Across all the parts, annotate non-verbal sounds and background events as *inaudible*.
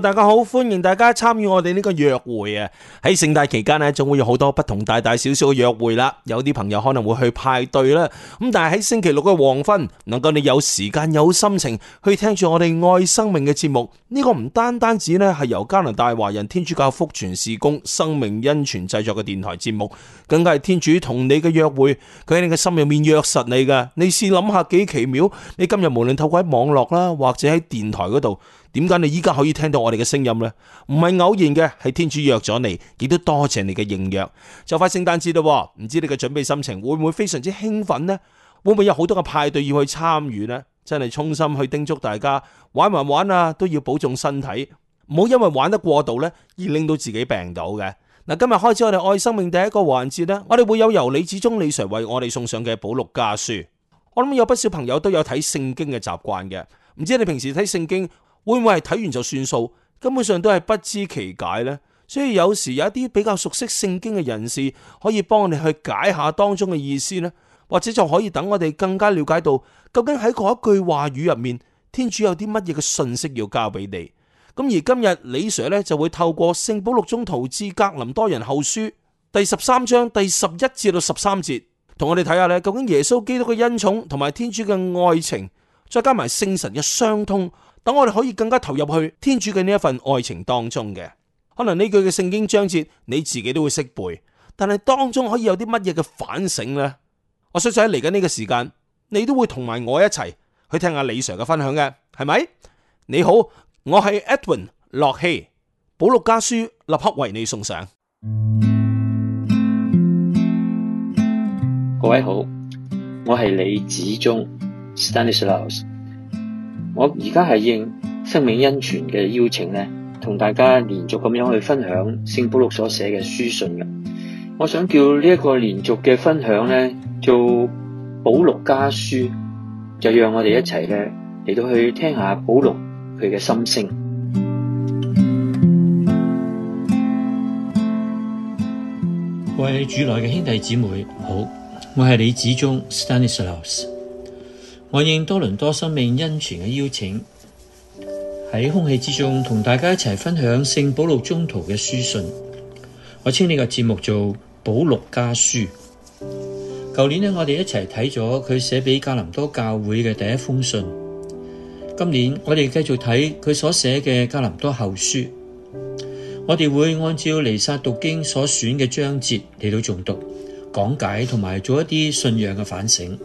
大家好，歡迎大家參與我哋呢個約會啊！喺聖誕期間呢，總會有好多不同大大小小嘅約會啦。有啲朋友可能會去派對啦，咁但係喺星期六嘅黃昏，能夠你有時間有心情去聽住我哋愛生命嘅節目，呢個唔單單止呢係由加拿大華人天主教福傳事工生命恩泉製作嘅電台節目，更加係天主同你嘅約會，佢喺你嘅心入面約實你㗎。你試諗下幾奇妙！你今日無論透過喺網絡啦，或者喺電台嗰度。點解你依家可以聽到我哋嘅聲音呢？唔係偶然嘅，係天主約咗你，亦都多謝你嘅應約。就快聖誕節啦，唔知你嘅準備心情會唔會非常之興奮呢？會唔會有好多嘅派對要去參與呢？真係衷心去叮囑大家玩唔玩啊都要保重身體，唔好因為玩得過度呢，而令到自己病到嘅嗱。今日開始，我哋愛生命第一個環節呢，我哋會有由李子中李 Sir 為我哋送上嘅《保祿家書》。我諗有不少朋友都有睇聖經嘅習慣嘅，唔知你平時睇聖經？會唔會係睇完就算數？根本上都係不知其解呢。所以有時有一啲比較熟悉聖經嘅人士，可以幫我哋去解下當中嘅意思呢，或者就可以等我哋更加了解到究竟喺嗰一句話語入面，天主有啲乜嘢嘅信息要交俾你。咁而今日李 Sir 咧就會透過《聖保祿宗徒致格林多人後書》第十三章第十一至到十三節，同我哋睇下咧，究竟耶穌基督嘅恩寵同埋天主嘅愛情，再加埋聖神嘅相通。等我哋可以更加投入去天主嘅呢一份愛情當中嘅，可能呢句嘅聖經章節你自己都會識背，但係當中可以有啲乜嘢嘅反省呢？我相信喺嚟緊呢個時間，你都會同埋我一齊去聽下李 Sir 嘅分享嘅，係咪？你好，我係 Edwin 洛希，保祿家書立刻為你送上。各位好，我係李子忠我而家係應生命恩泉嘅邀請咧，同大家連續咁樣去分享聖保祿所寫嘅書信嘅。我想叫呢一個連續嘅分享咧，做保祿家書，就讓我哋一齊咧嚟到去聽下保祿佢嘅心聲。為主內嘅兄弟姊妹好，我係李子忠 Stanislaus。我應多倫多生命恩泉嘅邀請，喺空氣之中同大家一齊分享聖保祿中途嘅書信。我稱呢個節目做《保祿家書》。舊年呢，我哋一齊睇咗佢寫畀加林多教會嘅第一封信。今年我哋繼續睇佢所寫嘅加林多後書。我哋會按照彌撒讀經所選嘅章節嚟到誦讀、講解同埋做一啲信仰嘅反省。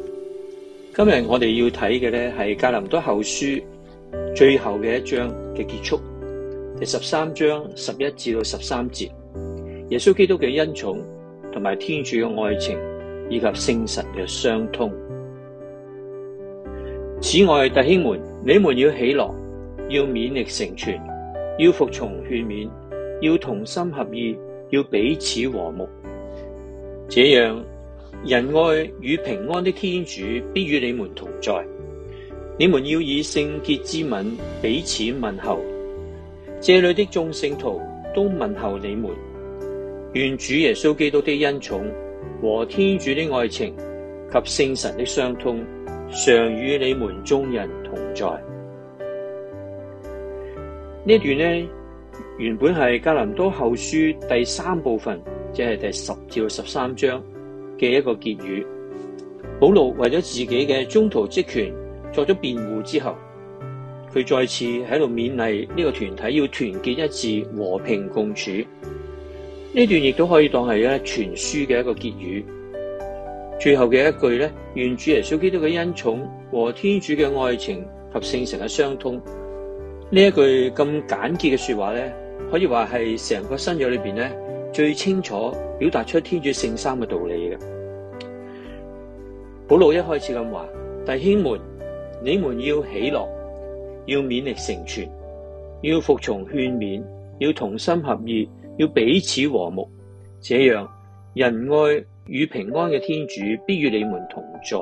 今日我哋要睇嘅咧係《格林多後書》最後嘅一章嘅結束，第十三章十一至到十三節，耶穌基督嘅恩寵同埋天主嘅愛情以及聖神嘅相通。此外，弟兄們，你們要喜樂，要勉力成全，要服從勸勉，要同心合意，要彼此和睦，這樣。仁愛與平安的天主必與你們同在，你們要以聖潔之吻彼此問候。這裏的眾聖徒都問候你們，願主耶穌基督的恩寵和天主的愛情及聖神的相通常與你們眾人同在。呢段呢，原本係格林多後書第三部分，即係第十至十三章。嘅一個結語，保祿為咗自己嘅宗徒職權作咗辯護之後，佢再次喺度勉勵呢個團體要團結一致、和平共處。呢段亦都可以當係咧全書嘅一個結語。最後嘅一句咧，願主耶穌基督嘅恩寵和天主嘅愛情及聖神嘅相通。呢一句咁簡潔嘅說話咧，可以話係成個新約裏邊咧最清楚表達出天主聖三嘅道理嘅。保羅一開始咁話：弟兄們，你們要喜樂，要勉力成全，要服從勸勉，要同心合意，要彼此和睦。這樣仁愛與平安嘅天主必與你們同在。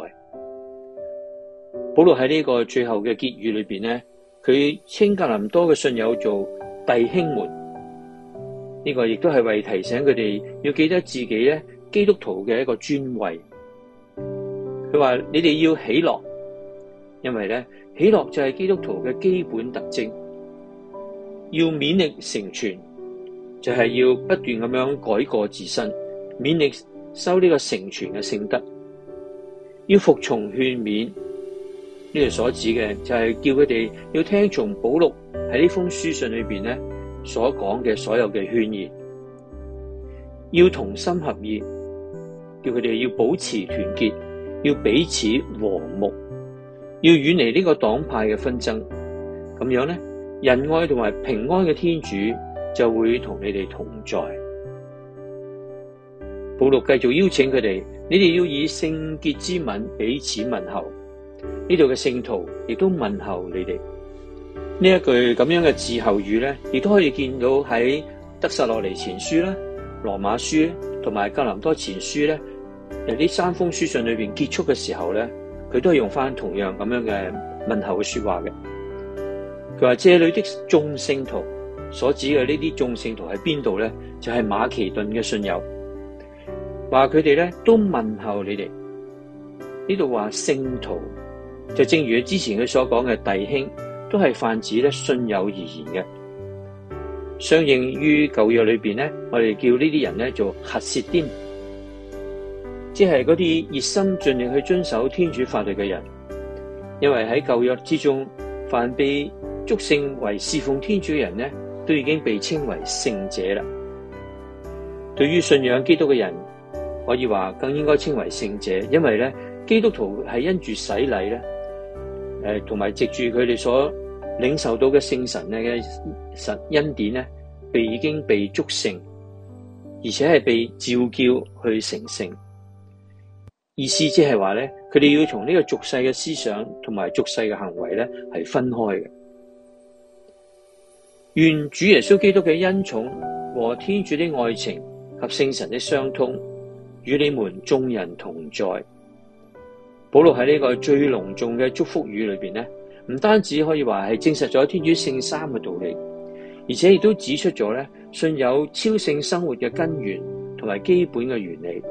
保羅喺呢個最後嘅結語裏邊呢，佢稱格林多嘅信友做弟兄們，呢、這個亦都係為提醒佢哋要記得自己咧基督徒嘅一個尊位。佢話：你哋要喜樂，因為咧喜樂就係基督徒嘅基本特徵。要勉力成全，就係、是、要不斷咁樣改過自身，勉力修呢個成全嘅性德。要服從勸勉，呢度所指嘅就係叫佢哋要聽從保祿喺呢封書信裏邊咧所講嘅所有嘅勸言。要同心合意，叫佢哋要保持團結。要彼此和睦，要遠離呢個黨派嘅紛爭，咁樣咧，仁愛同埋平安嘅天主就會同你哋同在。保祿繼續邀請佢哋，你哋要以聖潔之吻彼此問候。呢度嘅聖徒亦都問候你哋。呢一句咁樣嘅問候語咧，亦都可以見到喺得撒洛尼前書啦，羅馬書同埋格林多前書咧。呢三封書信裏邊結束嘅時候咧，佢都係用翻同樣咁樣嘅問候嘅說話嘅。佢話這裏的眾聖徒所指嘅呢啲眾聖徒喺邊度咧，就係馬其頓嘅信友，話佢哋咧都問候你哋。呢度話聖徒就正如佢之前佢所講嘅弟兄，都係泛指咧信友而言嘅。相應於舊約裏邊咧，我哋叫呢啲人咧做核舌癲。即係嗰啲熱心盡力去遵守天主法律嘅人，因為喺舊約之中，凡被祝聖為侍奉天主嘅人咧，都已經被稱為聖者啦。對於信仰基督嘅人，可以話更應該稱為聖者，因為咧，基督徒係因住洗禮咧，誒，同埋藉住佢哋所領受到嘅聖神咧嘅神恩典咧，被已經被祝聖，而且係被召叫去成聖。意思即係話咧，佢哋要從呢個俗世嘅思想同埋俗世嘅行為咧，係分開嘅。願主耶穌基督嘅恩寵和天主的愛情及聖神的相通，與你們眾人同在。保羅喺呢個最隆重嘅祝福語裏邊咧，唔單止可以話係證實咗天主聖三嘅道理，而且亦都指出咗咧，信有超性生活嘅根源同埋基本嘅原理。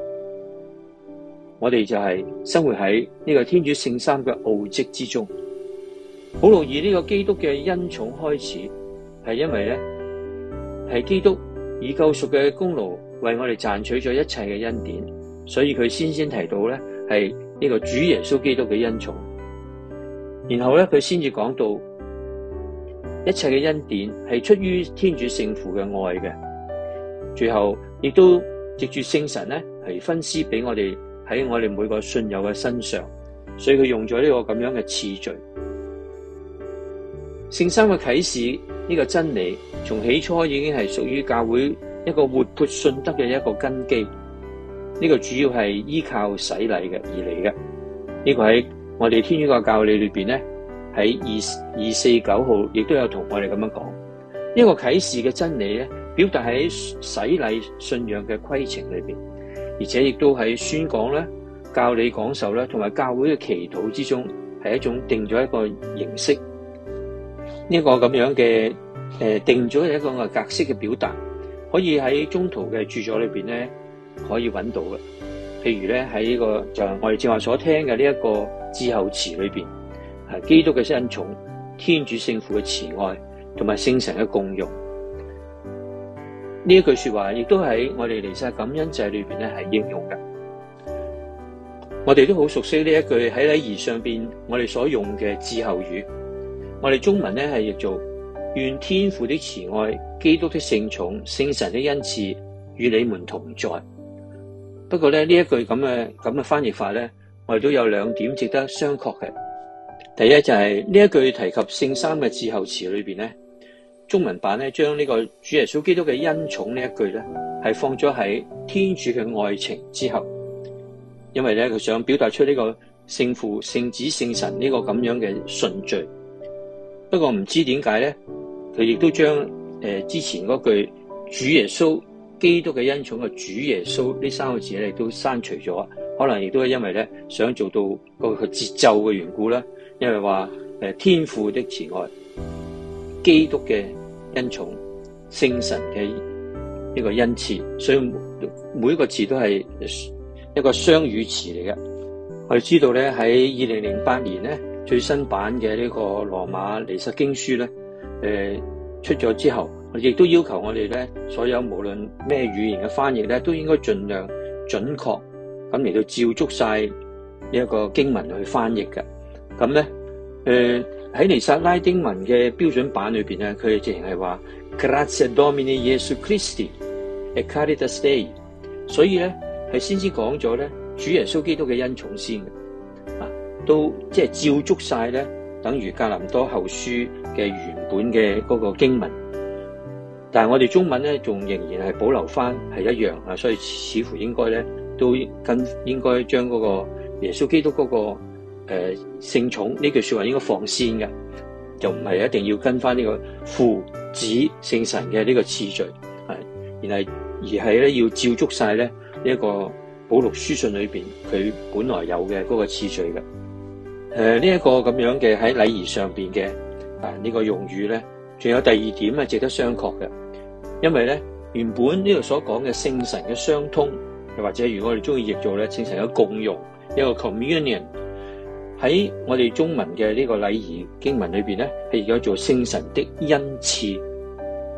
我哋就係生活喺呢個天主聖三嘅奧蹟之中，保祿以呢個基督嘅恩寵開始，係因為咧係基督以救贖嘅功勞為我哋賺取咗一切嘅恩典，所以佢先先提到咧係呢個主耶穌基督嘅恩寵，然後咧佢先至講到一切嘅恩典係出於天主聖父嘅愛嘅，最後亦都藉住聖神咧係分施俾我哋。喺我哋每個信友嘅身上，所以佢用咗呢個咁樣嘅次序。聖三嘅啟示呢個真理，從起初已經係屬於教會一個活潑信德嘅一個根基。呢個主要係依靠洗禮嘅而嚟嘅。呢個喺我哋天主教教理裏邊咧，喺二二四九號亦都有同我哋咁樣講。呢個啟示嘅真理咧，表達喺洗禮信仰嘅規程裏邊。而且亦都喺宣講咧、教理講授、咧，同埋教會嘅祈禱之中，係一種定咗一個形式呢一、這個咁樣嘅誒定咗一個格式嘅表達，可以喺中途嘅著作裏邊咧可以揾到嘅。譬如咧喺呢個就我哋正話所聽嘅呢一個致候詞裏邊，係基督嘅恩寵、天主聖父嘅慈愛，同埋聖神嘅共融。呢一句說話亦都喺我哋彌撒感恩祭裏邊咧係應用嘅，我哋都好熟悉呢一句喺禮儀上邊我哋所用嘅致候語，我哋中文咧係譯做願天父的慈愛、基督的聖寵、聖神的恩賜與你們同在。不過咧呢一句咁嘅咁嘅翻譯法咧，我哋都有兩點值得商榷嘅。第一就係呢一句提及聖三嘅致候詞裏邊咧。中文版咧，將呢個主耶穌基督嘅恩寵呢一句咧，係放咗喺天主嘅愛情之後，因為咧佢想表達出呢個聖父、聖子、聖神呢個咁樣嘅順序。不過唔知點解咧，佢亦都將誒、呃、之前嗰句主耶穌基督嘅恩寵嘅主耶穌呢三個字咧亦都刪除咗，可能亦都係因為咧想做到個節奏嘅緣故啦。因為話誒、呃、天父的慈愛，基督嘅。因從聖神嘅呢個恩賜，所以每一個詞都係一個雙語詞嚟嘅。我哋知道咧喺二零零八年咧最新版嘅呢個羅馬尼撒經書咧，誒、呃、出咗之後，我亦都要求我哋咧所有無論咩語言嘅翻譯咧都應該盡量準確咁嚟到照足晒呢一個經文去翻譯嘅。咁咧誒。呃喺尼撒拉丁文嘅標準版裏面，咧，佢直情係話 Gratia Domini Jesu Christi et caritas Dei 所以咧係先至講咗咧，主耶穌基督嘅恩寵先都啊，到即係照足晒咧，等於格林多後書嘅原本嘅嗰個經文。但係我哋中文咧仲仍然係保留翻係一樣啊，所以似乎應該咧都跟應該將嗰個耶穌基督嗰個。誒，聖寵呢句說話應該放先嘅，就唔係一定要跟翻呢個父子聖神嘅呢個次序，係，而係而係咧要照足晒咧呢一個保祿書信裏邊佢本來有嘅嗰個次序嘅。誒、呃，這個這這個、呢一個咁樣嘅喺禮儀上邊嘅啊呢個用語咧，仲有第二點係值得商榷嘅，因為咧原本呢度所講嘅聖神嘅相通，又或者如果我哋中意譯做咧聖神嘅共用，一個 communion。喺我哋中文嘅呢個禮儀經文裏邊咧，係叫做聖神的恩賜。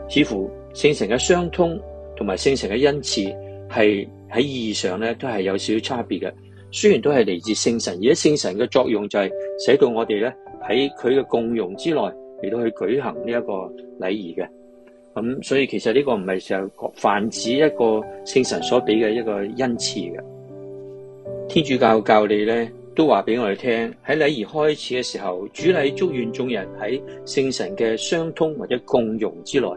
似乎聖神嘅相通同埋聖神嘅恩賜係喺意義上咧都係有少少差別嘅。雖然都係嚟自聖神，而且聖神嘅作用就係使到我哋咧喺佢嘅共融之內嚟到去舉行呢一個禮儀嘅。咁、嗯、所以其實呢個唔係成個泛指一個聖神所俾嘅一個恩賜嘅。天主教教理咧，都話俾我哋聽，喺禮儀開始嘅時候，主禮祝願眾人喺聖神嘅相通或者共融之內。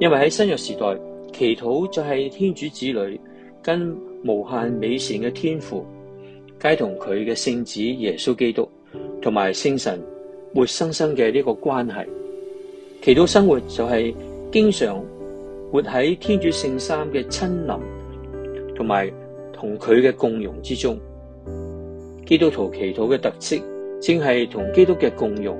因為喺新約時代，祈禱就係天主子女跟無限美善嘅天父，皆同佢嘅聖子耶穌基督，同埋聖神活生生嘅呢個關係。祈禱生活就係經常活喺天主聖三嘅親臨，同埋同佢嘅共融之中。基督徒祈禱嘅特色正係同基督嘅共融，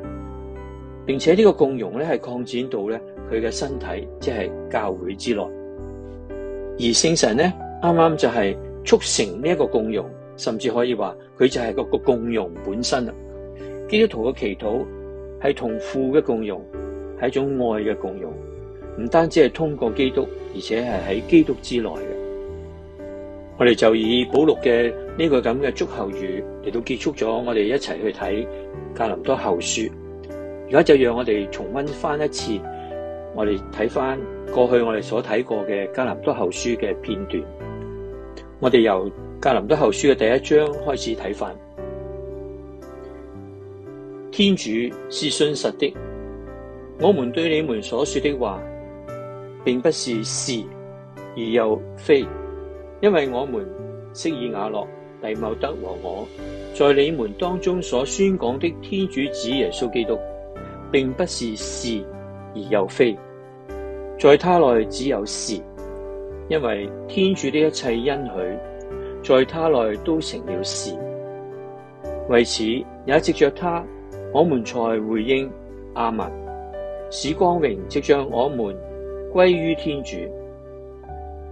並且呢個共融咧，係擴展到咧佢嘅身體，即係教會之內。而聖神咧啱啱就係促成呢一個共融，甚至可以話佢就係嗰個共融本身啦。基督徒嘅祈禱係同父嘅共融，係一種愛嘅共融，唔單止係通過基督，而且係喺基督之內嘅。我哋就以保祿嘅。呢、這個咁嘅祝後語嚟到結束咗，我哋一齊去睇《格林多後書》。而家就讓我哋重温翻一次，我哋睇翻過去我哋所睇過嘅《格林多後書》嘅片段。我哋由《格林多後書》嘅第一章開始睇翻。天主是信實的，我們對你們所說的話，並不是是而又非，因為我們息以亞諾。弟茂德和我在你們當中所宣講的天主子耶穌基督，並不是是而又非，在他內只有是，因為天主的一切恩許，在他內都成了是。為此，也藉着他，我們才回應阿們，使光榮藉着我們歸於天主。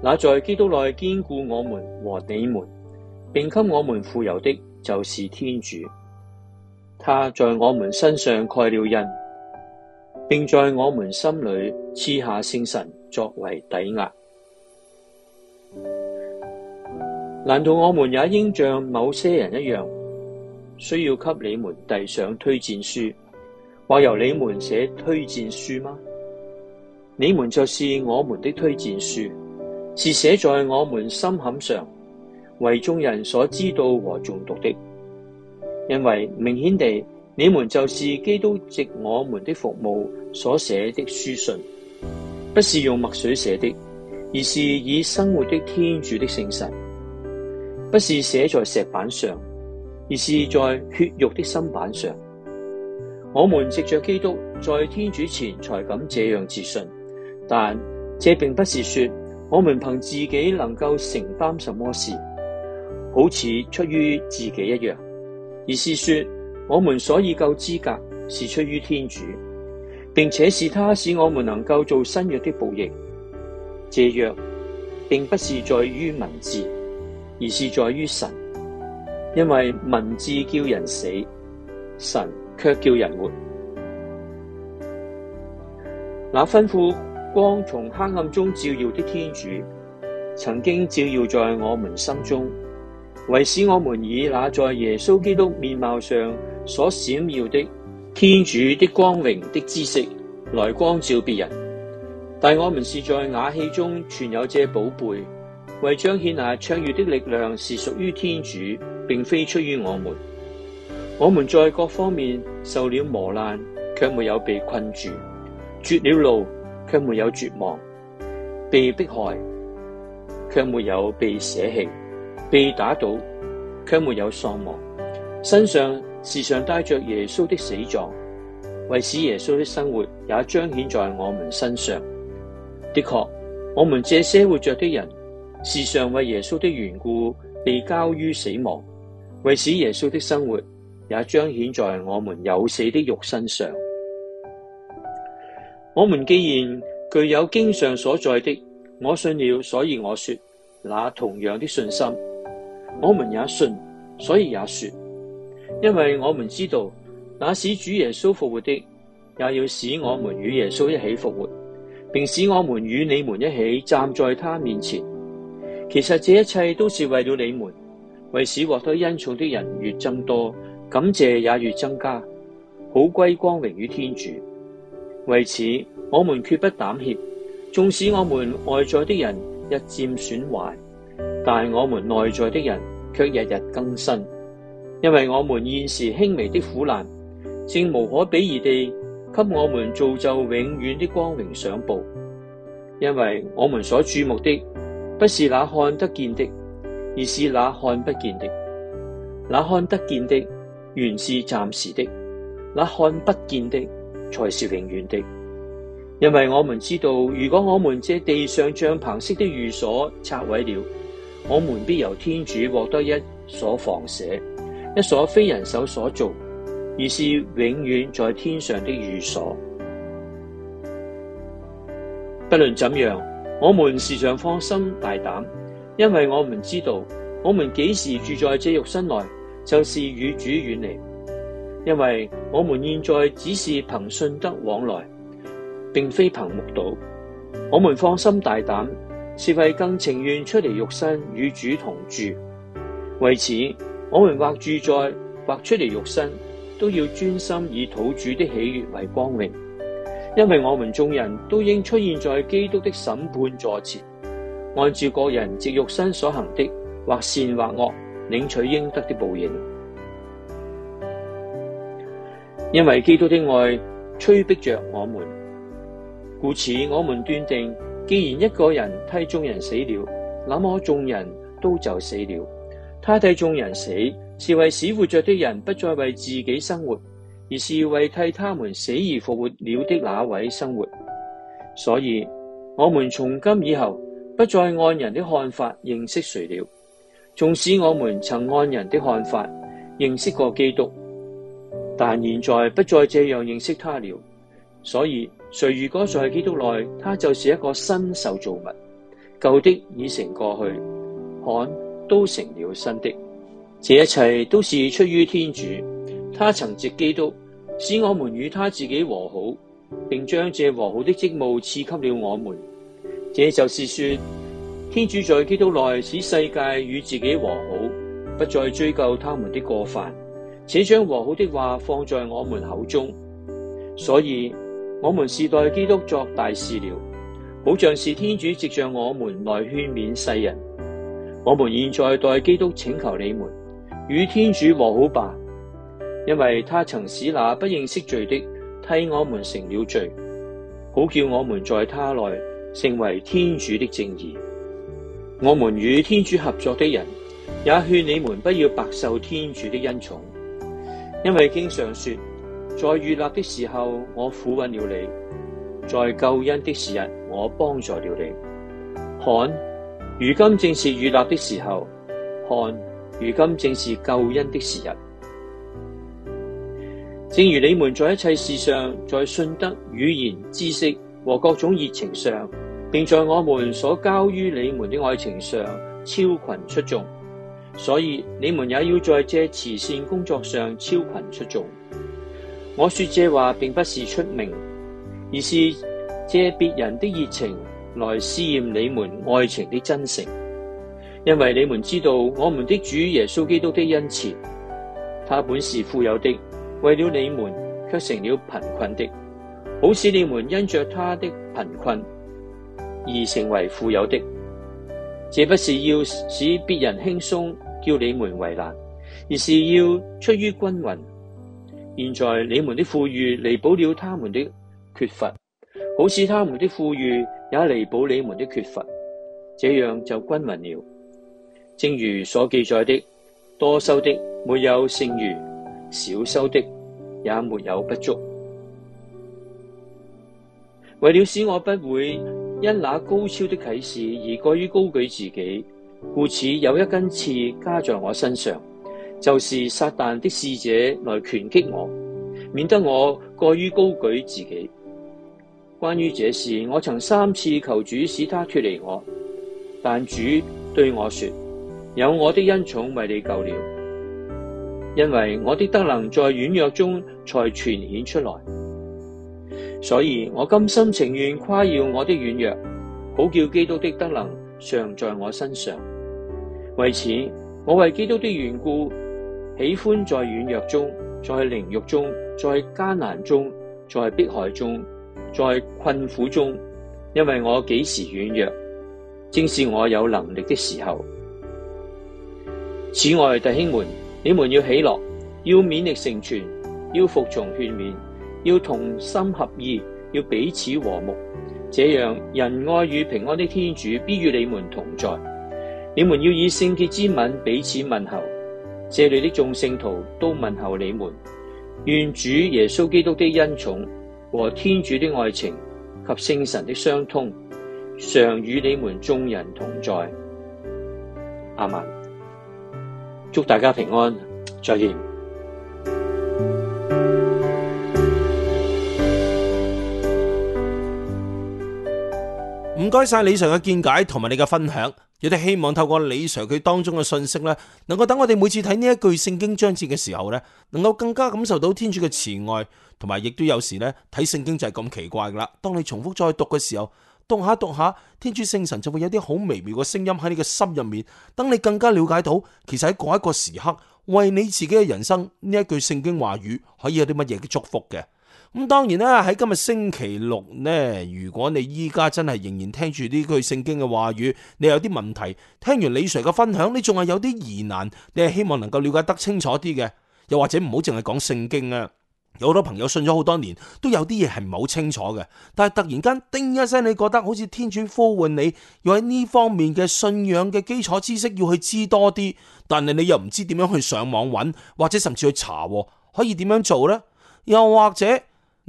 那在基督內堅固我們和你們。並給我們富有的就是天主，他在我們身上蓋了印，並在我們心裏賜下聖神作為抵押。難道我們也應像某些人一樣，需要給你們遞上推薦書，或由你們寫推薦書嗎？你們就是我們的推薦書，是寫在我們心坎上。為眾人所知道和誦讀的，因為明顯地你們就是基督藉我們的服務所寫的書信，不是用墨水寫的，而是以生活的天主的聖神，不是寫在石板上，而是在血肉的心板上。我們藉着基督在天主前才敢這樣自信，但這並不是說我們憑自己能夠承擔什麼事。好似出於自己一樣，而是說我們所以夠資格是出於天主，並且是他使我們能夠做新約的報應。這約並不是在於文字，而是在於神，因為文字叫人死，神卻叫人活。那吩咐光從黑暗中照耀的天主，曾經照耀在我們心中。為使我們以那在耶穌基督面貌上所閃耀的天主的光榮的知識來光照別人，但我們是在瓦器中存有這寶貝，為彰顯那卓越的力量是屬於天主，並非出於我們。我們在各方面受了磨難，卻沒有被困住；絕了路，卻沒有絕望；被迫害，卻沒有被捨棄。被打倒，卻沒有喪亡，身上時常帶着耶穌的死狀，為使耶穌的生活也彰顯在我們身上。的確，我們這些活着的人，時常為耶穌的緣故被交於死亡，為使耶穌的生活也彰顯在我們有死的肉身上。我們既然具有經上所載的，我信了，所以我說，那同樣的信心。我們也信，所以也說，因為我們知道，那使主耶穌復活的，也要使我們與耶穌一起復活，並使我們與你們一起站在他面前。其實這一切都是為了你們，為使獲得恩寵的人越增多，感謝也越增加，好歸光榮於天主。為此，我們決不膽怯，縱使我們外在的人日漸損壞。但我們內在的人卻日日更新，因為我們現時輕微的苦難正無可比擬地給我們造就永遠的光榮上報。因為我們所注目的不是那看得見的，而是那看不見的。那看得見的原是暫時的，那看不見的才是永遠的。因為我們知道，如果我們這地上帳篷式的寓所拆毀了，我們必由天主獲得一所房舍，一所非人手所造，而是永遠在天上的寓所。不論怎樣，我們時常放心大膽，因為我們知道，我們幾時住在這肉身內，就是與主遠離，因為我們現在只是憑信德往來，並非憑目睹。我們放心大膽。是為更情願出嚟肉身與主同住，為此我們或住在或出嚟肉身，都要專心以土主的喜悅為光榮，因為我們眾人都應出現在基督的審判座前，按照個人藉肉身所行的，或善或惡，領取應得的報應。因為基督的愛催逼着我們，故此我們斷定。既然一個人替眾人死了，那麼眾人都就死了。他替眾人死，是為使活着的人不再為自己生活，而是為替他們死而復活了的那位生活。所以，我們從今以後不再按人的看法認識誰了。縱使我們曾按人的看法認識過基督，但現在不再這樣認識他了。所以。誰如果在基督內，他就是一個新受造物，舊的已成過去，看都成了新的。這一切都是出於天主，他曾藉基督使我們與他自己和好，並將這和好的職務賜給了我們。這就是說，天主在基督內使世界與自己和好，不再追究他們的過犯，且將和好的話放在我們口中。所以。我們是代基督作大使了，好像是天主藉着我們來勸勉世人。我們現在代基督請求你們與天主和好吧，因為他曾使那不認識罪的替我們成了罪，好叫我們在他內成為天主的正義。我們與天主合作的人，也勸你們不要白受天主的恩寵，因為經上說。在遇立的時候，我撫慰了你；在救恩的時日，我幫助了你。看，如今正是遇立的時候；看，如今正是救恩的時日。正如你們在一切事上，在信德、語言、知識和各種熱情上，並在我們所交於你們的愛情上超群出眾，所以你們也要在這慈善工作上超群出眾。我說這話並不是出名，而是借別人的熱情來試驗你們愛情的真誠。因為你們知道我們的主耶穌基督的恩賜，他本是富有的，為了你們卻成了貧困的。好使你們因着他的貧困而成為富有的。這不是要使別人輕鬆，叫你們為難，而是要出於均勻。現在你們的富裕彌補了他們的缺乏，好似他們的富裕也彌補你們的缺乏，這樣就均匀了。正如所記載的，多收的沒有剩餘，少收的也沒有不足。為了使我不會因那高超的啟示而過於高舉自己，故此有一根刺加在我身上。就是撒旦的使者來拳擊我，免得我過於高舉自己。關於這事，我曾三次求主使他脫離我，但主對我說：有我的恩寵為你夠了，因為我的德能在軟弱中才全顯出來。所以我甘心情願誇耀我的軟弱，好叫基督的德能常在我身上。為此，我為基督的緣故。喜歡在軟弱中，在凌辱中，在艱難中，在迫害中，在困苦中，因為我幾時軟弱，正是我有能力的時候。此外，弟兄們，你們要喜樂，要勉力成全，要服從勸勉，要同心合意，要彼此和睦。這樣，仁愛與平安的天主必與你們同在。你們要以聖潔之吻彼此問候。這裏的眾聖徒都問候你們，願主耶穌基督的恩寵和天主的愛情及聖神的相通，常與你們眾人同在。阿門。祝大家平安，再見。唔該晒李 Sir 嘅見解同埋你嘅分享，有啲希望透過李 Sir 佢當中嘅信息咧，能夠等我哋每次睇呢一句聖經章節嘅時候咧，能夠更加感受到天主嘅慈愛，同埋亦都有時咧睇聖經就係咁奇怪噶啦。當你重複再讀嘅時候，讀下讀下，天主聖神就會有啲好微妙嘅聲音喺你嘅心入面，等你更加了解到，其實喺嗰一個時刻，為你自己嘅人生呢一句聖經話語，可以有啲乜嘢嘅祝福嘅。咁當然啦，喺今日星期六呢，如果你依家真係仍然聽住呢句聖經嘅話語，你有啲問題，聽完李 sir 嘅分享，你仲係有啲疑難，你係希望能夠了解得清楚啲嘅，又或者唔好淨係講聖經啊，有好多朋友信咗好多年，都有啲嘢係唔係好清楚嘅，但係突然間叮一聲，你覺得好似天主呼喚你，要喺呢方面嘅信仰嘅基礎知識要去知多啲，但係你又唔知點樣去上網搵，或者甚至去查，可以點樣做呢？又或者？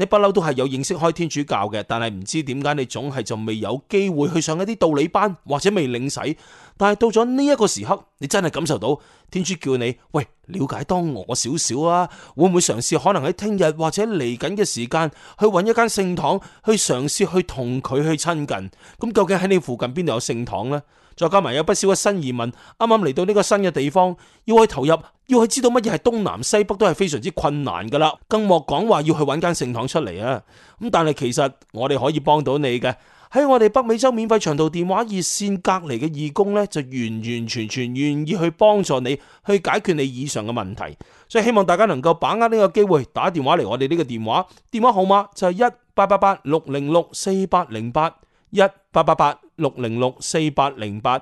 你不嬲都係有認識開天主教嘅，但係唔知點解你總係就未有機會去上一啲道理班或者未領洗，但係到咗呢一個時刻，你真係感受到天主叫你喂，了解多我少少啊。會唔會嘗試可能喺聽日或者嚟緊嘅時間去搵一間聖堂去嘗試去同佢去親近？咁究竟喺你附近邊度有聖堂呢？」再加埋有不少嘅新移民，啱啱嚟到呢個新嘅地方，要去投入，要去知道乜嘢係東南西北都係非常之困難噶啦，更莫講話要去揾間聖堂出嚟啊！咁但係其實我哋可以幫到你嘅，喺我哋北美洲免費長途電話熱線隔籬嘅義工咧，就完完全全願意去幫助你去解決你以上嘅問題，所以希望大家能夠把握呢個機會，打電話嚟我哋呢個電話，電話號碼就係一八八八六零六四八零八一八八八。六零六四八零八，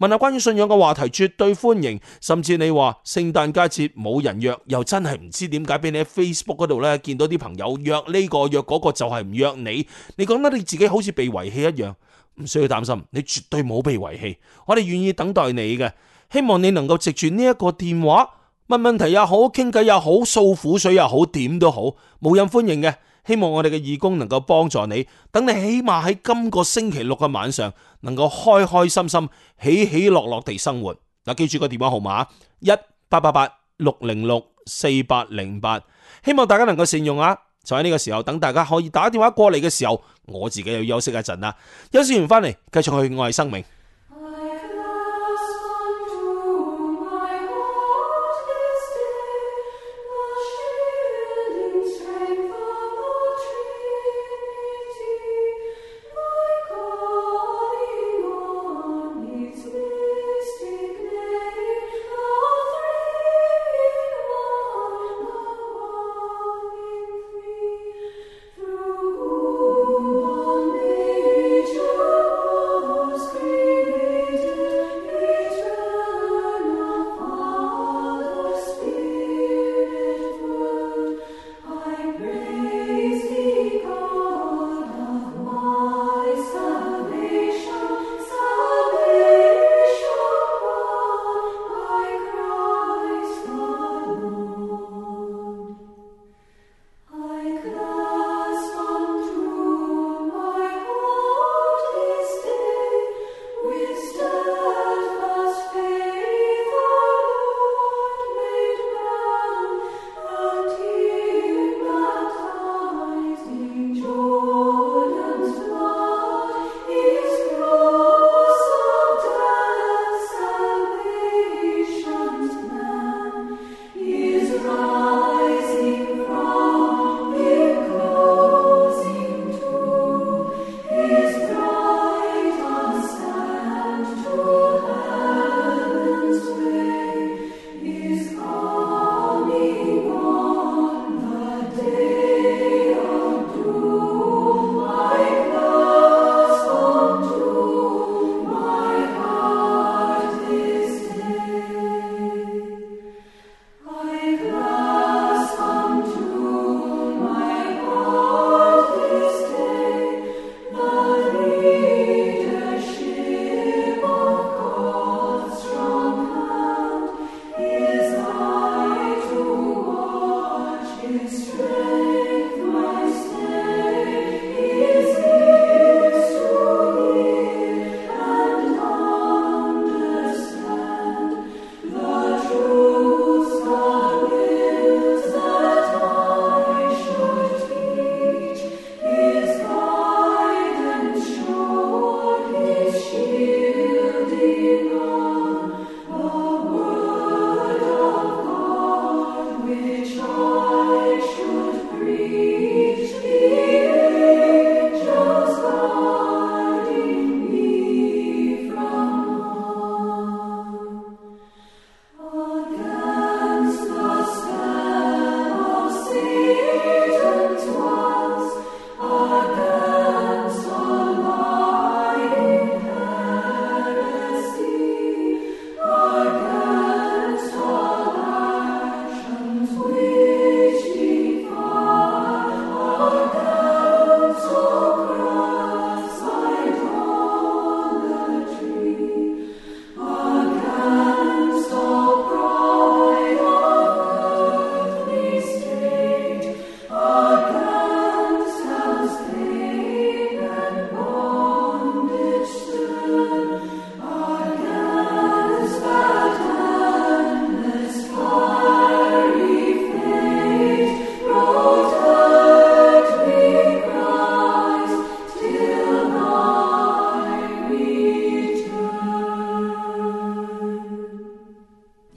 問下關於信仰嘅話題絕對歡迎。甚至你話聖誕佳節冇人約，又真係唔知點解。俾你喺 Facebook 嗰度咧，見到啲朋友約呢個約嗰個，那個就係唔約你。你講得你自己好似被遺棄一樣，唔需要擔心，你絕對冇被遺棄。我哋願意等待你嘅，希望你能夠藉住呢一個電話，問問題也好，傾偈也好，訴苦水又好，點都好，無任歡迎嘅。希望我哋嘅義工能夠幫助你，等你起碼喺今個星期六嘅晚上能夠開開心心、喜喜樂樂地生活。嗱，記住個電話號碼一八八八六零六四八零八，希望大家能夠善用啊！就喺呢個時候，等大家可以打電話過嚟嘅時候，我自己要休息一陣啦。休息完翻嚟，繼續去愛生命。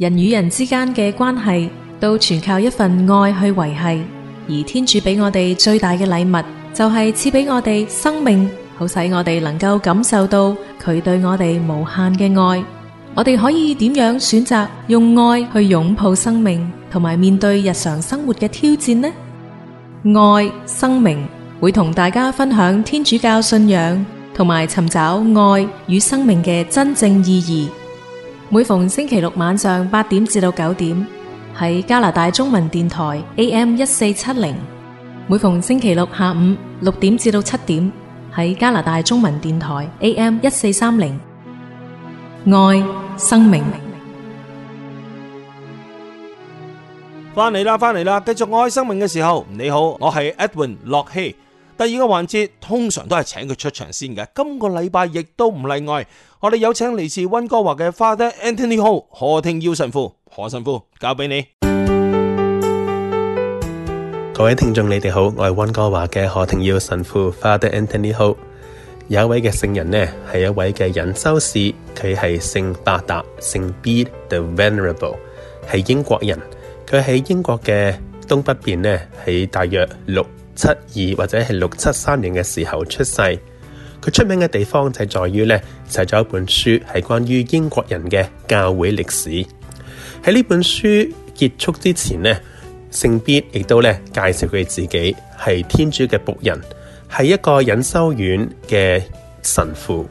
人與人之間嘅關係都全靠一份愛去維繫。而天主俾我哋最大嘅禮物就係賜俾我哋生命，好使我哋能夠感受到佢對我哋無限嘅愛。我哋可以點樣選擇用愛去擁抱生命同埋面對日常生活嘅挑戰呢？愛，生命，會同大家分享天主教信仰同埋尋找愛與生命嘅真正意義。每逢星期六晚上八點至到九點，喺加拿大中文電台 AM 一四七零；每逢星期六下午六點至到七點，喺加拿大中文電台 AM 一四三零。愛生命，翻嚟啦，翻嚟啦！繼續愛生命嘅時候，你好，我係 Edwin 洛希。第二個環節通常都係請佢出場先嘅，今個禮拜亦都唔例外。我哋有請嚟自溫哥華嘅 Father Anthony Ho 何庭耀神父，何神父交俾你。各位聽眾，你哋好，我係溫哥華嘅何庭耀神父，Father Anthony Ho。有一位嘅聖人呢，係一位嘅隱修士，佢係聖伯達聖 Bede the Venerable，係英國人，佢喺英國嘅東北邊呢，喺大約六。七二或者係六七三年嘅時候出世，佢出名嘅地方就係在於呢，寫咗一本書係關於英國人嘅教會歷史。喺呢本書結束之前呢，聖必亦都咧介紹佢自己係天主嘅僕人，係一個隱修院嘅神父。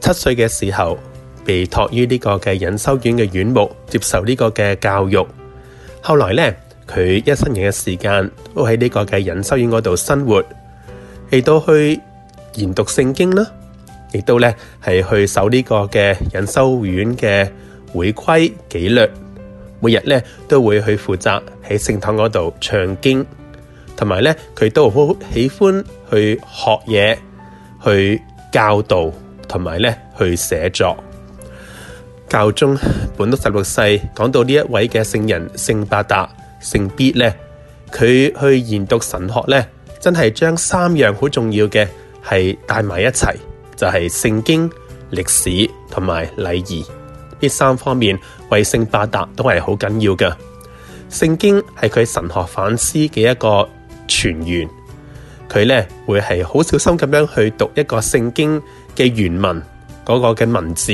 七歲嘅時候被託於呢個嘅隱修院嘅院牧接受呢個嘅教育，後來呢。佢一生嘅時間都喺呢個嘅隱修院嗰度生活，嚟到去研讀聖經啦，亦都咧係去守呢個嘅隱修院嘅會規紀律，每日咧都會去負責喺聖堂嗰度唱經，同埋咧佢都好喜歡去學嘢，去教導同埋咧去寫作。教宗本篤十六世講到呢一位嘅聖人聖伯達。聖必呢，咧，佢去研讀神學咧，真係將三樣好重要嘅係帶埋一齊，就係、是、聖經、歷史同埋禮儀呢三方面為聖八達都係好緊要嘅。聖經係佢神學反思嘅一個泉源，佢咧會係好小心咁樣去讀一個聖經嘅原文嗰、那個嘅文字，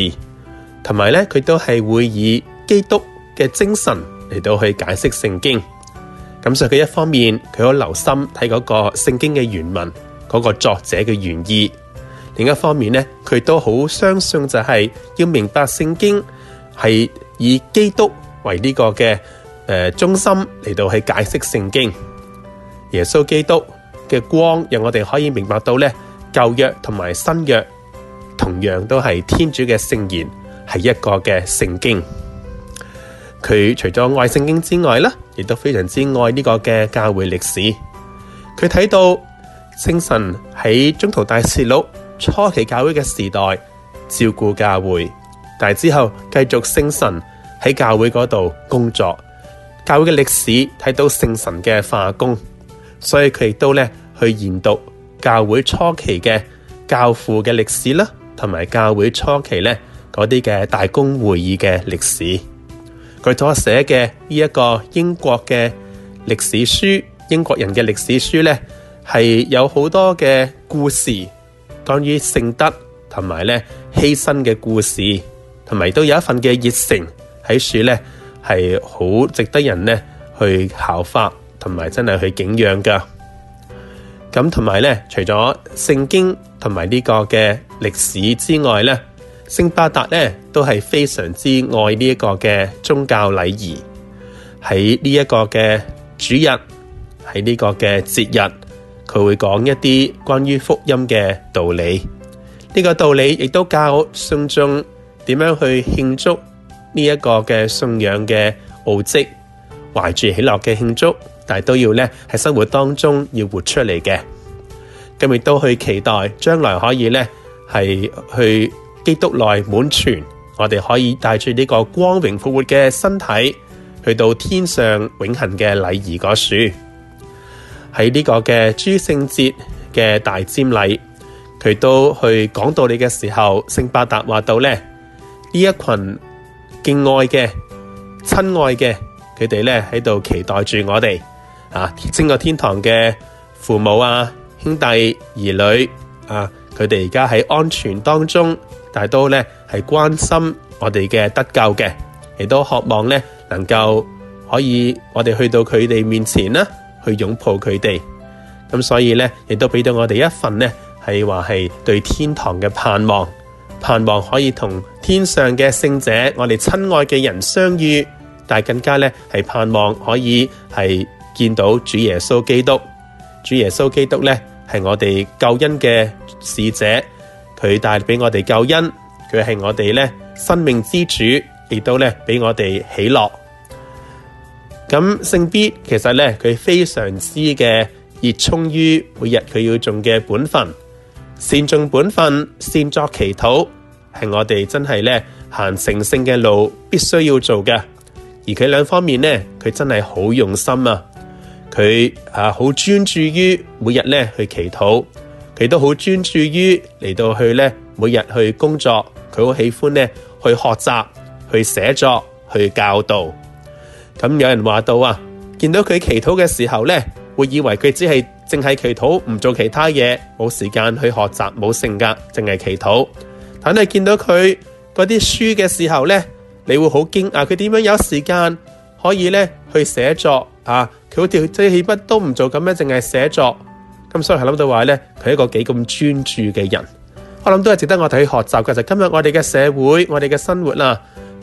同埋咧佢都係會以基督嘅精神。嚟到去解釋聖經，咁所以佢一方面佢好留心睇嗰個聖經嘅原文，嗰個作者嘅原意；另一方面呢，佢都好相信就係要明白聖經係以基督為呢個嘅誒、呃、中心嚟到去解釋聖經。耶穌基督嘅光，讓我哋可以明白到呢舊約同埋新約同樣都係天主嘅聖言，係一個嘅聖經。佢除咗愛聖經之外咧，亦都非常之愛呢個嘅教會歷史。佢睇到聖神喺宗徒大事錄初期教會嘅時代照顧教會，但係之後繼續聖神喺教會嗰度工作。教會嘅歷史睇到聖神嘅化工，所以佢亦都咧去研讀教會初期嘅教父嘅歷史啦，同埋教會初期咧嗰啲嘅大公會議嘅歷史。佢所寫嘅呢一個英國嘅歷史書，英國人嘅歷史書呢，係有好多嘅故事，關於聖德同埋呢犧牲嘅故事，同埋都有一份嘅熱誠喺書呢，係好值得人呢去效法，同埋真係去敬仰噶。咁同埋呢，除咗聖經同埋呢個嘅歷史之外呢。聖巴達咧，都係非常之愛呢一個嘅宗教禮儀。喺呢一個嘅主日，喺呢個嘅節日，佢會講一啲關於福音嘅道理。呢、這個道理亦都教信眾點樣去慶祝呢一個嘅信仰嘅奧跡，懷住喜樂嘅慶祝，但係都要咧喺生活當中要活出嚟嘅。咁亦都去期待將來可以咧係去。基督內滿全，我哋可以帶住呢個光榮復活嘅身體去到天上永恆嘅禮儀嗰處。喺呢個嘅諸聖節嘅大瞻禮，佢都去講道理嘅時候，聖伯達話到咧呢，呢一群敬愛嘅、親愛嘅，佢哋咧喺度期待住我哋啊，整個天堂嘅父母啊、兄弟兒女啊，佢哋而家喺安全當中。但都咧係關心我哋嘅得救嘅，亦都渴望咧能夠可以我哋去到佢哋面前啦，去擁抱佢哋。咁所以咧亦都俾到我哋一份呢，係話係對天堂嘅盼望，盼望可以同天上嘅聖者，我哋親愛嘅人相遇。但係更加咧係盼望可以係見到主耶穌基督。主耶穌基督咧係我哋救恩嘅使者。佢帶俾我哋救恩，佢係我哋咧生命之主，亦都咧俾我哋喜樂。咁聖 B 其實咧佢非常之嘅熱衷於每日佢要做嘅本分，善盡本分，善作祈禱，係我哋真係咧行成聖嘅路必須要做嘅。而佢兩方面咧，佢真係好用心啊，佢啊好專注於每日咧去祈禱。佢都好專注於嚟到去呢，每日去工作。佢好喜歡呢，去學習、去寫作、去教導。咁有人話到啊，見到佢祈禱嘅時候呢，會以為佢只係淨係祈禱，唔做其他嘢，冇時間去學習，冇性格，淨係祈禱。但係見到佢嗰啲書嘅時候呢，你會好驚啊！佢點樣有時間可以呢去寫作啊？佢好似起筆都唔做咁樣，淨係寫作。咁、嗯、所以係諗到話咧，佢係一個幾咁專注嘅人，我諗都係值得我哋去學習嘅。就是、今日我哋嘅社會，我哋嘅生活啦、啊，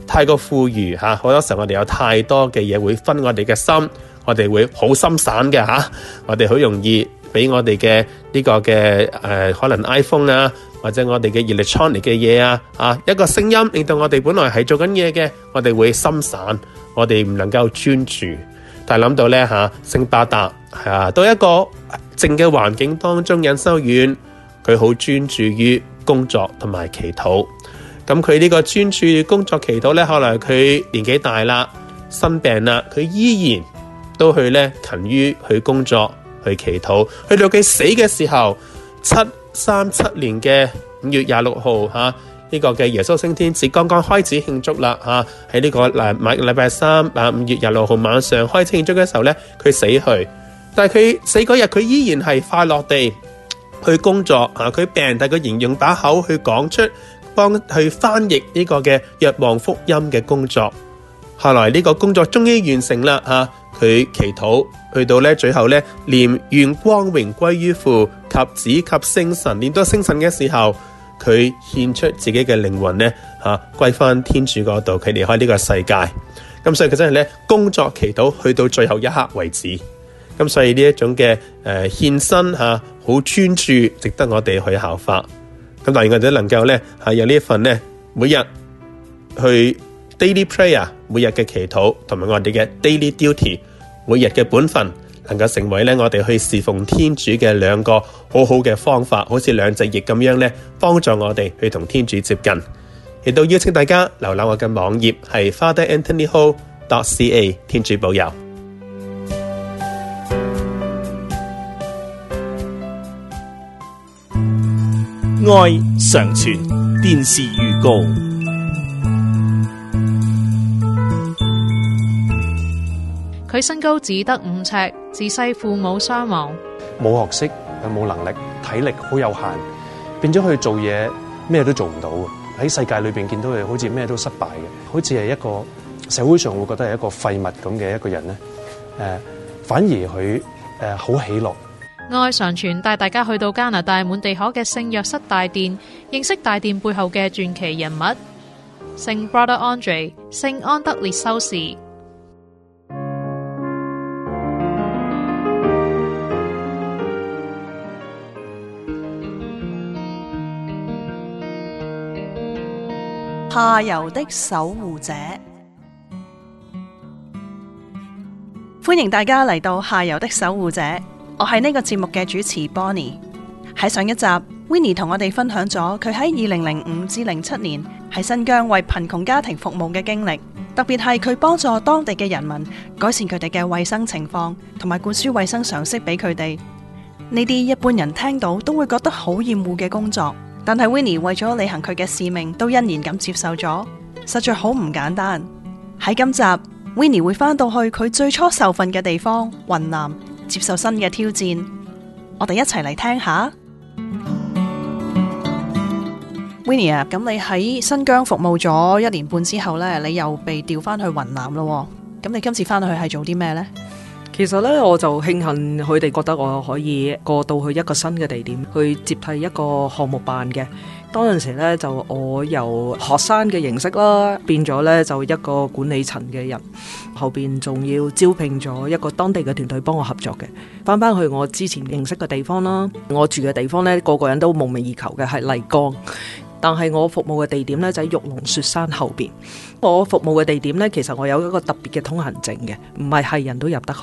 太過富裕吓，好、啊、多時候我哋有太多嘅嘢會分我哋嘅心，我哋會好心散嘅吓、啊，我哋好容易俾我哋嘅呢個嘅誒、呃，可能 iPhone 啊，或者我哋嘅 electronic 嘅嘢啊，啊一個聲音令到我哋本來係做緊嘢嘅，我哋會心散，我哋唔能夠專注。但係諗到咧吓，聖巴達係啊，到、啊、一個靜嘅環境當中隱修院，佢好專注於工作同埋祈禱。咁佢呢個專注於工作祈禱咧，後來佢年紀大啦，生病啦，佢依然都去咧勤於去工作去祈禱。去到佢死嘅時候，七三七年嘅五月廿六號吓。啊呢個嘅耶穌升天節剛剛開始慶祝啦，吓喺呢個禮晚禮拜三啊五月廿六號晚上開始慶祝嘅時候咧，佢死去，但係佢死嗰日佢依然係快樂地去工作，吓佢病，但係佢仍然用把口去講出，幫去翻譯呢個嘅《約翰福音》嘅工作。後來呢個工作終於完成啦，吓佢祈禱，去到咧最後咧念願光榮歸於父及子及聖神，念到聖神嘅時候。佢獻出自己嘅靈魂咧，吓歸翻天主嗰度，佢離開呢個世界。咁所以佢真係咧工作祈禱去到最後一刻為止。咁所以呢一種嘅誒獻身吓好專注，值得我哋去效法。咁當然我哋都能夠咧吓有呢一份咧，每日去 daily prayer 每日嘅祈禱，同埋我哋嘅 daily duty 每日嘅本分。能夠成為咧，我哋去侍奉天主嘅兩個好好嘅方法，好似兩隻翼咁樣咧，幫助我哋去同天主接近。亦都邀請大家瀏覽我嘅網頁，係 Father Anthony Ho dot C A。天主保佑，愛常傳。電視預告。佢身高只得五尺，自細父母雙亡，冇學識又冇能力，體力好有限，變咗去做嘢咩都做唔到。喺世界裏邊見到佢好似咩都失敗嘅，好似係一個社會上會覺得係一個廢物咁嘅一個人咧。誒、呃，反而佢誒好喜樂，愛常傳帶大家去到加拿大滿地可嘅聖約瑟大殿，認識大殿背後嘅傳奇人物聖 Brother Andre 聖安德烈修士。下游的守護者，歡迎大家嚟到下游的守護者。我係呢個節目嘅主持 Bonnie。喺上一集，Winnie 同我哋分享咗佢喺二零零五至零七年喺新疆為貧窮家庭服務嘅經歷，特別係佢幫助當地嘅人民改善佢哋嘅衛生情況，同埋灌輸衛生常識俾佢哋。呢啲一般人聽到都會覺得好厭惡嘅工作。但係 Winnie 為咗履行佢嘅使命，都欣然咁接受咗，實在好唔簡單。喺今集 Winnie 會翻到去佢最初受訓嘅地方雲南，接受新嘅挑戰。我哋一齊嚟聽一下。Winnie 啊，咁你喺新疆服務咗一年半之後呢，你又被調翻去雲南啦。咁你今次翻去係做啲咩呢？其實咧，我就慶幸佢哋覺得我可以過到去一個新嘅地點去接替一個項目辦嘅。當陣時咧，就我由學生嘅形式啦，變咗咧就一個管理層嘅人。後邊仲要招聘咗一個當地嘅團隊幫我合作嘅。翻翻去我之前認識嘅地方啦，我住嘅地方呢，個個人都夢寐以求嘅係麗江，但係我服務嘅地點咧就喺玉龍雪山後邊。我服務嘅地點咧，其實我有一個特別嘅通行證嘅，唔係係人都入得去。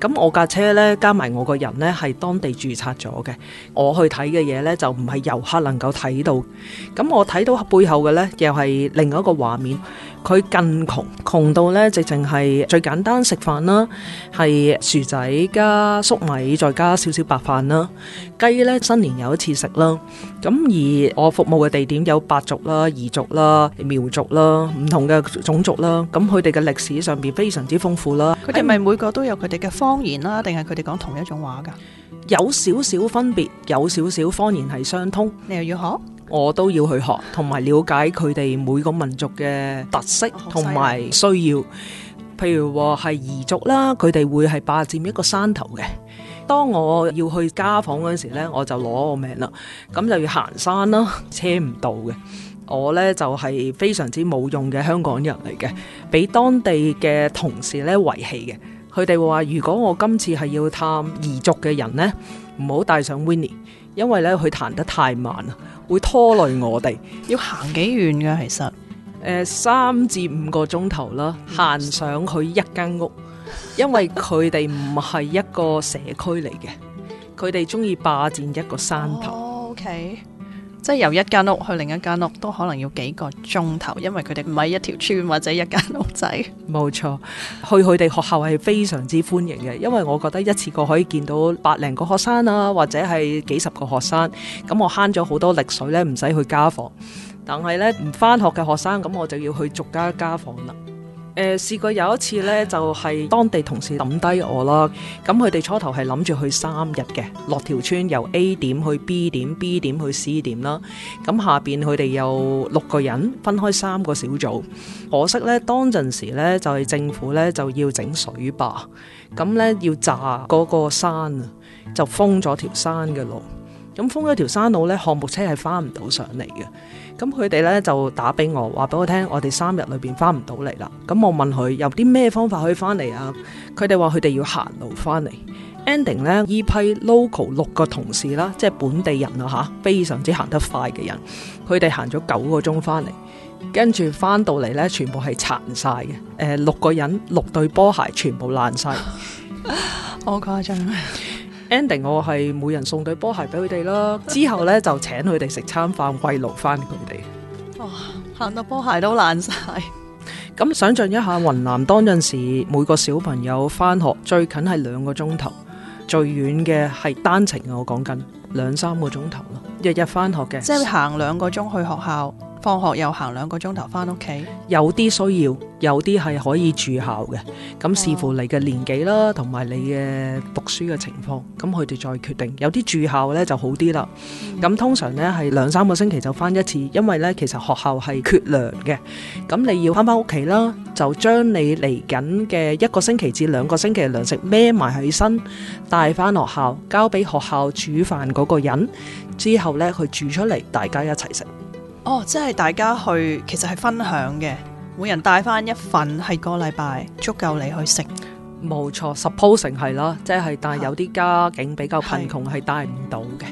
咁我架車咧，加埋我個人咧，係當地註冊咗嘅。我去睇嘅嘢咧，就唔係遊客能夠睇到。咁我睇到背後嘅咧，又係另外一個畫面。佢更窮，窮到咧直情係最簡單食飯啦，係薯仔加粟米再加少少白飯啦。雞咧新年有一次食啦。咁而我服務嘅地點有白族啦、彝族啦、苗族啦，唔同嘅。種族啦，咁佢哋嘅歷史上邊非常之豐富啦。佢哋咪每個都有佢哋嘅方言啦，定係佢哋講同一種話噶？有少少分別，有少少方言係相通。你又要學？我都要去學，同埋了解佢哋每個民族嘅特色同埋需要。譬如話係彝族啦，佢哋會係霸佔一個山頭嘅。當我要去家訪嗰時呢，我就攞我命啦，咁就要行山啦，車唔到嘅。我呢就係非常之冇用嘅香港人嚟嘅，俾當地嘅同事呢遺棄嘅。佢哋話：如果我今次係要探彝族嘅人呢，唔好帶上 Winnie，因為呢佢彈得太慢啦，會拖累我哋。要行幾遠嘅？其實呃、三至五個鐘頭啦，行上去一間屋，因為佢哋唔係一個社區嚟嘅，佢哋中意霸佔一個山頭。O K。即係由一間屋去另一間屋，都可能要幾個鐘頭，因為佢哋唔係一條村或者一間屋仔。冇錯，去佢哋學校係非常之歡迎嘅，因為我覺得一次過可以見到百零個學生啊，或者係幾十個學生，咁我慳咗好多力水呢，唔使去家訪。但係呢，唔返學嘅學生，咁我就要去逐家家訪啦。誒，試過有一次呢，就係當地同事抌低我啦。咁佢哋初頭係諗住去三日嘅，落條村由 A 點去 B 點，B 點去 C 點啦。咁下邊佢哋有六個人分開三個小組。可惜呢，當陣時呢，就係政府呢，就要整水壩，咁呢，要炸嗰個山啊，就封咗條山嘅路。咁封咗條山路呢，項目車係翻唔到上嚟嘅。咁佢哋咧就打俾我，話俾我聽，我哋三日裏邊翻唔到嚟啦。咁我問佢有啲咩方法可以翻嚟啊？佢哋話佢哋要行路翻嚟。Ending 呢，依批 local 六個同事啦，即係本地人啊吓，非常之行得快嘅人，佢哋行咗九個鐘翻嚟，跟住翻到嚟呢，全部係殘晒嘅。誒、呃，六個人六對波鞋全部爛晒， *laughs* 好誇張。ending 我係每人送對波鞋俾佢哋咯， *laughs* 之後呢，就請佢哋食餐飯慰勞翻佢哋。哇、哦，行到波鞋都爛晒。咁想象一下，雲南當陣時每個小朋友翻學最近係兩個鐘頭，最遠嘅係單程，我講緊兩三個鐘頭咯，日日翻學嘅，即係行兩個鐘去學校。放學又行兩個鐘頭翻屋企，有啲需要，有啲係可以住校嘅。咁視乎你嘅年紀啦，同、嗯、埋你嘅讀書嘅情況，咁佢哋再決定。有啲住校呢就好啲啦。咁通常呢係兩三個星期就翻一次，因為呢其實學校係缺糧嘅。咁你要翻翻屋企啦，就將你嚟緊嘅一個星期至兩個星期嘅糧食孭埋起身，帶翻學校，交俾學校煮飯嗰個人，之後呢佢煮出嚟，大家一齊食。哦，即係大家去，其實係分享嘅，每人帶翻一份，係個禮拜足夠你去食。冇錯，supposing 係啦，即係但係有啲家境比較貧窮係帶唔到嘅。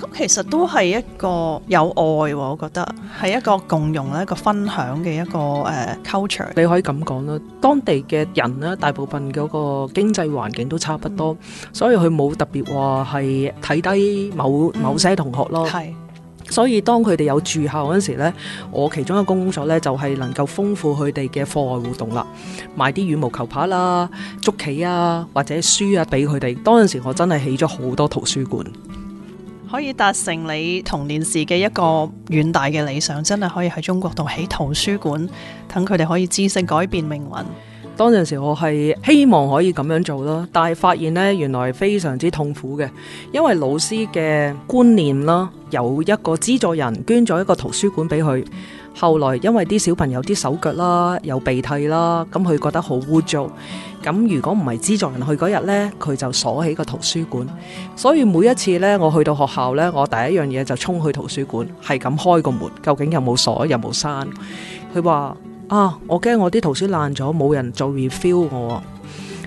咁其實都係一個有愛，我覺得係一個共用一個分享嘅一個誒、uh, culture。你可以咁講啦，當地嘅人呢，大部分嗰個經濟環境都差不多，嗯、所以佢冇特別話係睇低某、嗯、某些同學咯。係。所以當佢哋有住校嗰陣時咧，我其中一個工作呢，就係能夠豐富佢哋嘅課外活動啦，買啲羽毛球拍啦、捉棋啊或者書啊俾佢哋。當陣時我真係起咗好多圖書館，可以達成你童年時嘅一個遠大嘅理想，真係可以喺中國度起圖書館，等佢哋可以知識改變命運。當陣時我係希望可以咁樣做咯，但係發現呢，原來非常之痛苦嘅，因為老師嘅觀念啦，有一個資助人捐咗一個圖書館俾佢，後來因為啲小朋友啲手腳啦，有鼻涕啦，咁佢覺得好污糟，咁如果唔係資助人去嗰日呢，佢就鎖起個圖書館，所以每一次呢，我去到學校呢，我第一樣嘢就衝去圖書館，係咁開個門，究竟有冇鎖，有冇閂？佢話。啊！我驚我啲圖書爛咗，冇人做 refill 我。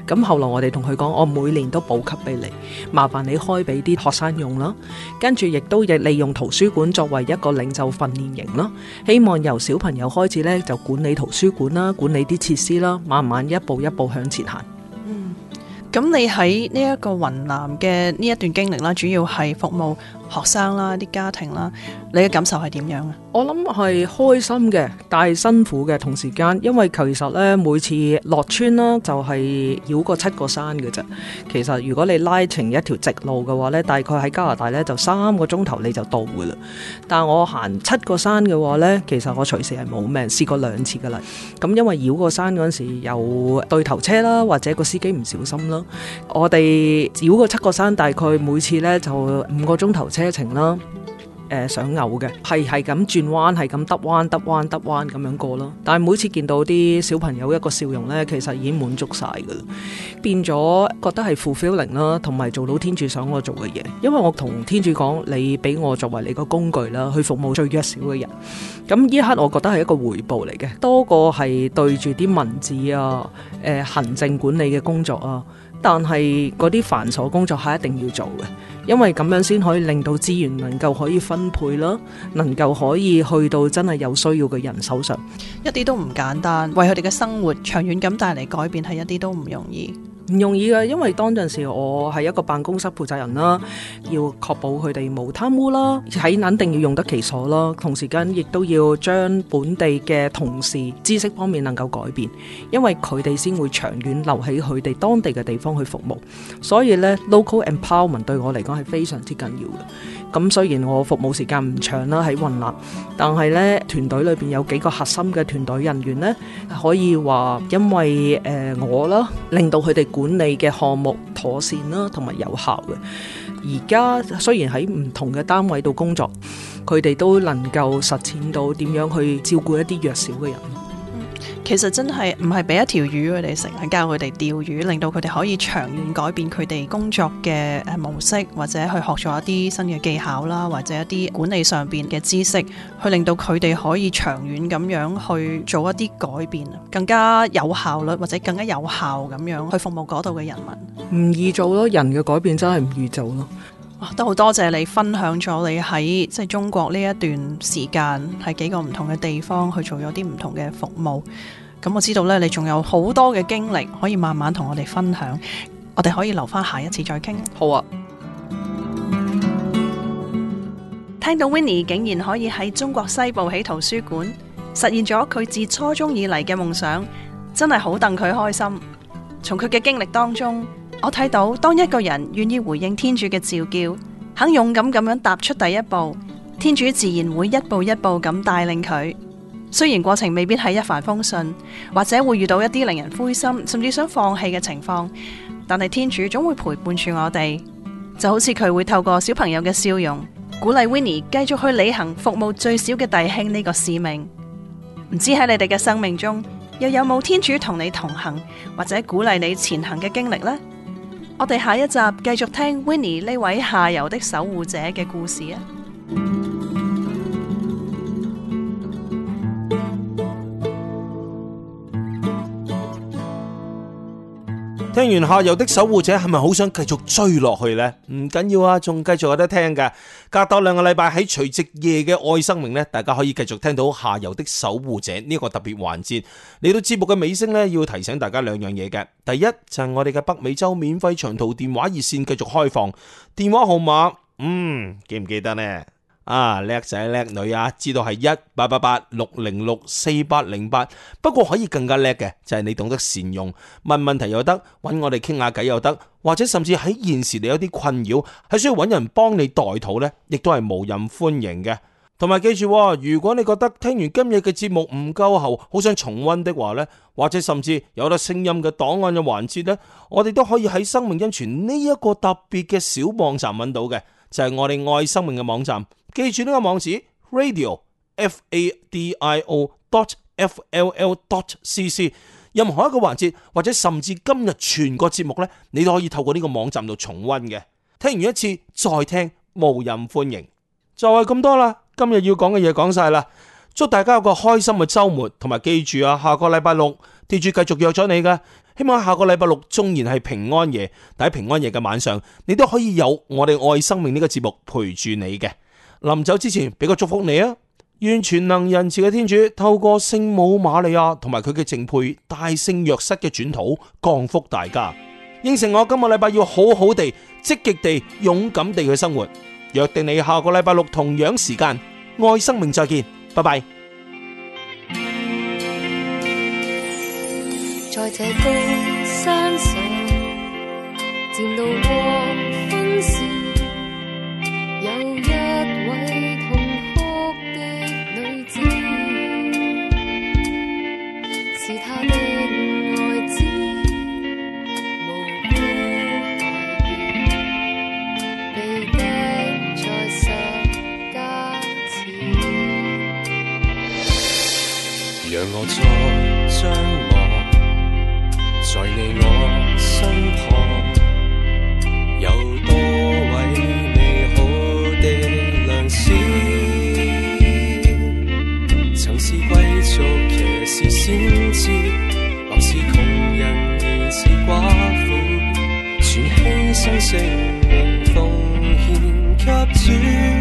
咁後來我哋同佢講，我每年都補給俾你，麻煩你開俾啲學生用啦。跟住亦都亦利用圖書館作為一個領袖訓練營啦，希望由小朋友開始呢，就管理圖書館啦，管理啲設施啦，慢慢一步一步向前行。嗯，咁你喺呢一個雲南嘅呢一段經歷啦，主要係服務。學生啦、啊，啲家庭啦、啊，你嘅感受係點樣啊？我諗係開心嘅，但係辛苦嘅同時間，因為其實咧每次落村啦，就係繞過七個山嘅啫。其實如果你拉成一條直路嘅話咧，大概喺加拿大咧就三個鐘頭你就到嘅啦。但係我行七個山嘅話咧，其實我隨時係冇命，試過兩次嘅啦。咁因為繞過山嗰陣時有對頭車啦，或者個司機唔小心啦，我哋繞過七個山大概每次咧就五個鐘頭車。車、呃、啦，誒想嘔嘅係係咁轉彎，係咁得彎得彎得彎咁樣過咯。但係每次見到啲小朋友一個笑容呢，其實已經滿足晒噶啦，變咗覺得係 fulfilling 啦，同埋做到天主想我做嘅嘢。因為我同天主講，你俾我作為你個工具啦，去服務最弱小嘅人。咁呢一刻，我覺得係一個回報嚟嘅，多過係對住啲文字啊，誒、呃、行政管理嘅工作啊。但係嗰啲繁瑣工作係一定要做嘅，因為咁樣先可以令到資源能夠可以分配啦，能夠可以去到真係有需要嘅人手上，一啲都唔簡單，為佢哋嘅生活長遠咁帶嚟改變係一啲都唔容易。唔容易嘅，因為當陣時我係一個辦公室負責人啦，要確保佢哋冇貪污啦，喺諗定要用得其所啦，同時間亦都要將本地嘅同事知識方面能夠改變，因為佢哋先會長遠留喺佢哋當地嘅地方去服務，所以咧，local empowerment 對我嚟講係非常之緊要嘅。咁雖然我服務時間唔長啦喺雲南，但係咧團隊裏邊有幾個核心嘅團隊人員咧，可以話因為誒、呃、我啦，令到佢哋。管理嘅項目妥善啦，同埋有效嘅。而家雖然喺唔同嘅單位度工作，佢哋都能夠實踐到點樣去照顧一啲弱小嘅人。其實真係唔係俾一條魚佢哋食，係教佢哋釣魚，令到佢哋可以長遠改變佢哋工作嘅、誒模式，或者去學咗一啲新嘅技巧啦，或者一啲管理上面嘅知識，去令到佢哋可以長遠咁樣去做一啲改變，更加有效率或者更加有效咁樣去服務嗰度嘅人民。唔易做咯，人嘅改變真係唔易做咯。都好多謝你分享咗你喺即係中國呢一段時間，喺幾個唔同嘅地方去做咗啲唔同嘅服務。咁我知道咧，你仲有好多嘅經歷可以慢慢同我哋分享。我哋可以留翻下一次再傾。好啊！聽到 Winnie 竟然可以喺中國西部起圖書館，實現咗佢自初中以嚟嘅夢想，真係好戥佢開心。從佢嘅經歷當中，我睇到，當一個人願意回應天主嘅召叫，肯勇敢咁樣踏出第一步，天主自然會一步一步咁帶領佢。雖然過程未必係一帆風順，或者會遇到一啲令人灰心，甚至想放棄嘅情況，但係天主總會陪伴住我哋，就好似佢會透過小朋友嘅笑容，鼓勵 Winnie 繼續去履行服務最小嘅弟兄呢個使命。唔知喺你哋嘅生命中，又有冇天主同你同行，或者鼓勵你前行嘅經歷呢？我哋下一集繼續聽 Winnie 呢位下游的守護者嘅故事啊！聽完下游的守護者係咪好想繼續追落去呢？唔緊要啊，仲繼續有得聽嘅。隔多兩個禮拜喺除夕夜嘅愛生命呢，大家可以繼續聽到下游的守護者呢個特別環節。嚟到節目嘅尾聲呢，要提醒大家兩樣嘢嘅。第一就係我哋嘅北美洲免費長途電話熱線繼續開放，電話號碼，嗯，記唔記得呢？啊，叻仔叻女啊，知道係一八八八六零六四八零八。不過可以更加叻嘅就係、是、你懂得善用問問題又得，揾我哋傾下偈又得，或者甚至喺現時你有啲困擾，係需要揾人幫你代討咧，亦都係無任歡迎嘅。同埋記住，如果你覺得聽完今日嘅節目唔夠喉，好想重溫的話咧，或者甚至有得聲音嘅檔案嘅環節咧，我哋都可以喺生命恩泉呢一個特別嘅小網站揾到嘅，就係、是、我哋愛生命嘅網站。記住呢個網址 radio f a d i o dot f l l dot c c。任何一個環節或者甚至今日全個節目呢，你都可以透過呢個網站度重溫嘅。聽完一次再聽，無任歡迎。就係咁多啦。今日要講嘅嘢講晒啦，祝大家有個開心嘅周末，同埋記住啊，下個禮拜六，跌主繼續約咗你噶。希望下個禮拜六縱然係平安夜，但喺平安夜嘅晚上，你都可以有我哋愛生命呢個節目陪住你嘅。臨走之前，俾個祝福你啊！願全能仁慈嘅天主透過聖母瑪利亞同埋佢嘅淨配大聖若瑟嘅轉禱降福大家。應承我今個禮拜要好好地、積極地、勇敢地去生活。約定你下個禮拜六同樣時間，愛生命再見，拜拜。在這個山上，漸到黃昏時。讓我再張望，在你我身旁，有多位美好的良師。曾是貴族騎士先知，或是窮人仍是寡婦，聲聲全犧牲性命奉獻給主。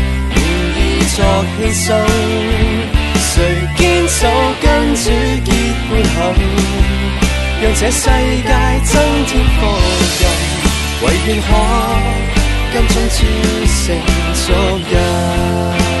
作犧牲，誰堅守跟主結伴行？讓這世界增添福音，唯願可今朝變成昨日。